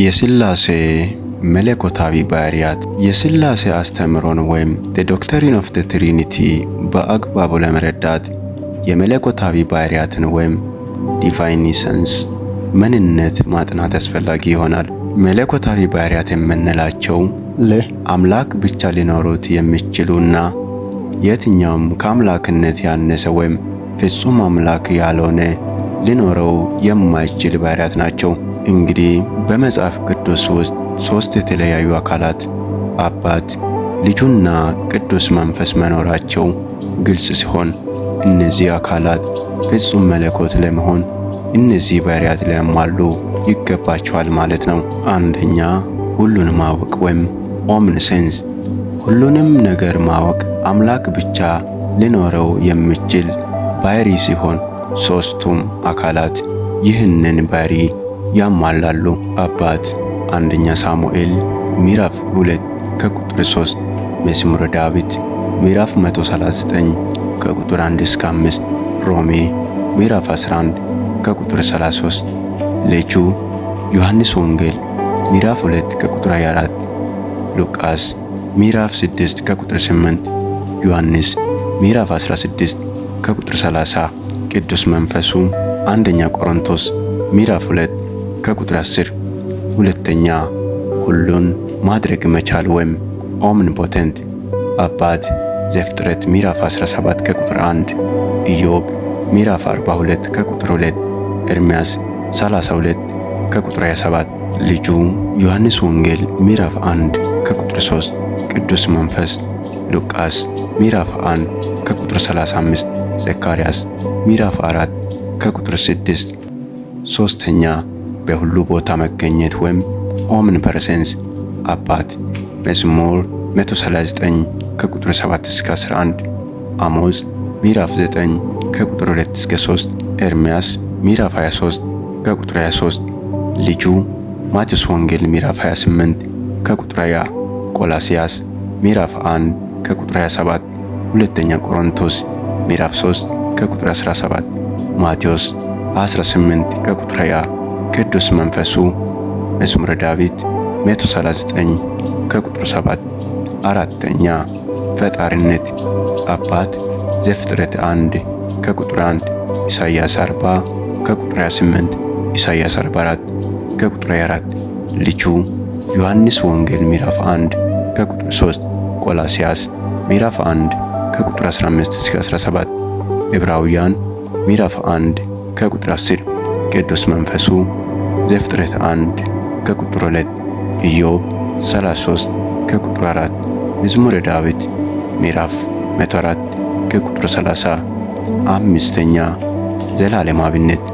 የስላሴ መለኮታዊ ባህሪያት የስላሴ አስተምሮን ወይም ዘ ዶክተሪን ኦፍ ዘ ትሪኒቲ በአግባቡ ለመረዳት የመለኮታዊ ባህርያትን ወይም ዲቫይን ኢሰንስ ምንነት ማጥናት አስፈላጊ ይሆናል። መለኮታዊ ባህሪያት የምንላቸው አምላክ ብቻ ሊኖሩት የሚችሉና የትኛውም ከአምላክነት ያነሰ ወይም ፍጹም አምላክ ያልሆነ ሊኖረው የማይችል ባህሪያት ናቸው። እንግዲህ በመጽሐፍ ቅዱስ ውስጥ ሦስት የተለያዩ አካላት አባት፣ ልጁና ቅዱስ መንፈስ መኖራቸው ግልጽ ሲሆን እነዚህ አካላት ፍጹም መለኮት ለመሆን እነዚህ ባህሪያት ሊያሟሉ ይገባቸዋል ማለት ነው። አንደኛ ሁሉን ማወቅ ወይም ኦምኒሴንስ፣ ሁሉንም ነገር ማወቅ አምላክ ብቻ ሊኖረው የሚችል ባይሪ ሲሆን ሦስቱም አካላት ይህንን ባሪ ። ያሟላሉ። አባት አንደኛ ሳሙኤል ምዕራፍ 2 ከቁጥር 3፣ መዝሙረ ዳዊት ምዕራፍ 139 ከቁጥር 1 እስከ 5፣ ሮሜ ምዕራፍ 11 ከቁጥር 33። ልጁ ዮሐንስ ወንጌል ምዕራፍ 2 ከቁጥር 24፣ ሉቃስ ምዕራፍ 6 ከቁጥር 8፣ ዮሐንስ ምዕራፍ 16 ከቁጥር 30። ቅዱስ መንፈሱ አንደኛ ቆሮንቶስ ምዕራፍ 2 ከቁጥር 10 ሁለተኛ ሁሉን ማድረግ መቻል ወይም ኦምኒፖተንት አባት ዘፍጥረት ሚራፍ 17 ከቁጥር 1 ኢዮብ ሚራፍ 42 ከቁጥር 2 ኤርምያስ 32 ከቁጥር 27 ልጁ ዮሐንስ ወንጌል ሚራፍ 1 ከቁጥር 3 ቅዱስ መንፈስ ሉቃስ ሚራፍ 1 ከቁጥር 35 ዘካርያስ ሚራፍ 4 ከቁጥር 6 ሶስተኛ በሁሉ ቦታ መገኘት ወይም ኦምን ፐርሰንስ አባት መዝሙር 139 ከቁጥር 7 እስከ 11፣ አሞዝ ሚራፍ 9 ከቁጥር 2 እስከ 3፣ ኤርምያስ ሚራፍ 23 ከቁጥር 23፣ ልጁ ማቴዎስ ወንጌል ሚራፍ 28 ከቁጥር 20፣ ቆላሲያስ ሚራፍ 1 ከቁጥር 27፣ ሁለተኛ ቆሮንቶስ ሚራፍ 3 ከቁጥር 17፣ ማቴዎስ 18 ከቁጥር 20 ቅዱስ መንፈሱ መዝሙረ ዳዊት 139 ከቁጥር 7። አራተኛ ፈጣሪነት አባት ዘፍጥረት 1 ከቁጥር 1 ኢሳይያስ 40 ከቁጥር 28 ኢሳይያስ 44 ከቁጥር 24 ልጁ ዮሐንስ ወንጌል ምዕራፍ 1 ከቁጥር 3 ቆላሲያስ ምዕራፍ 1 ከቁጥር 15 እስከ 17 ዕብራውያን ምዕራፍ 1 ከቁጥር 10 ቅዱስ መንፈሱ ዘፍጥረት 1 ከቁጥር 2፣ ኢዮብ 33 ከቁጥር 4፣ መዝሙረ ዳዊት ምዕራፍ 104 ከቁጥር 30። አምስተኛ አብነት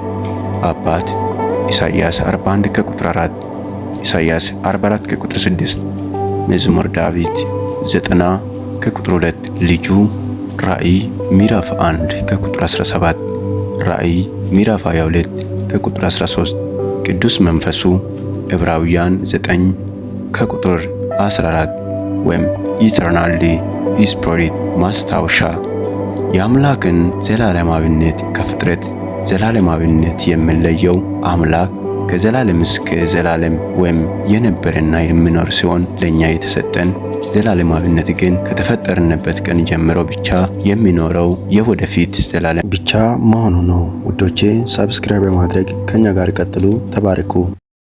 አባት ኢሳይያስ 41 ከቁጥር 4፣ ኢሳይያስ 44 ከቁጥር 6፣ መዝሙር ዳዊት 90 ከቁጥር 2፣ ልጁ ራእይ ምዕራፍ 1 ከቁጥር 17፣ ራእይ ምዕራፍ 22 ቁጥር 13 ቅዱስ መንፈሱ ዕብራውያን 9 ከቁጥር 14 ወይም ኢተርናል ስፕሪት ማስታወሻ የአምላክን ዘላለማዊነት ከፍጥረት ዘላለማዊነት የምንለየው አምላክ ከዘላለም እስከ ዘላለም ወይም የነበረና የሚኖር ሲሆን ለእኛ የተሰጠን ዘላለማዊነት ግን ከተፈጠርንበት ቀን ጀምሮ ብቻ የሚኖረው የወደፊት ዘላለም ብቻ መሆኑ ነው። ውዶቼ ሰብስክራይብ በማድረግ ከእኛ ጋር ቀጥሉ። ተባረኩ።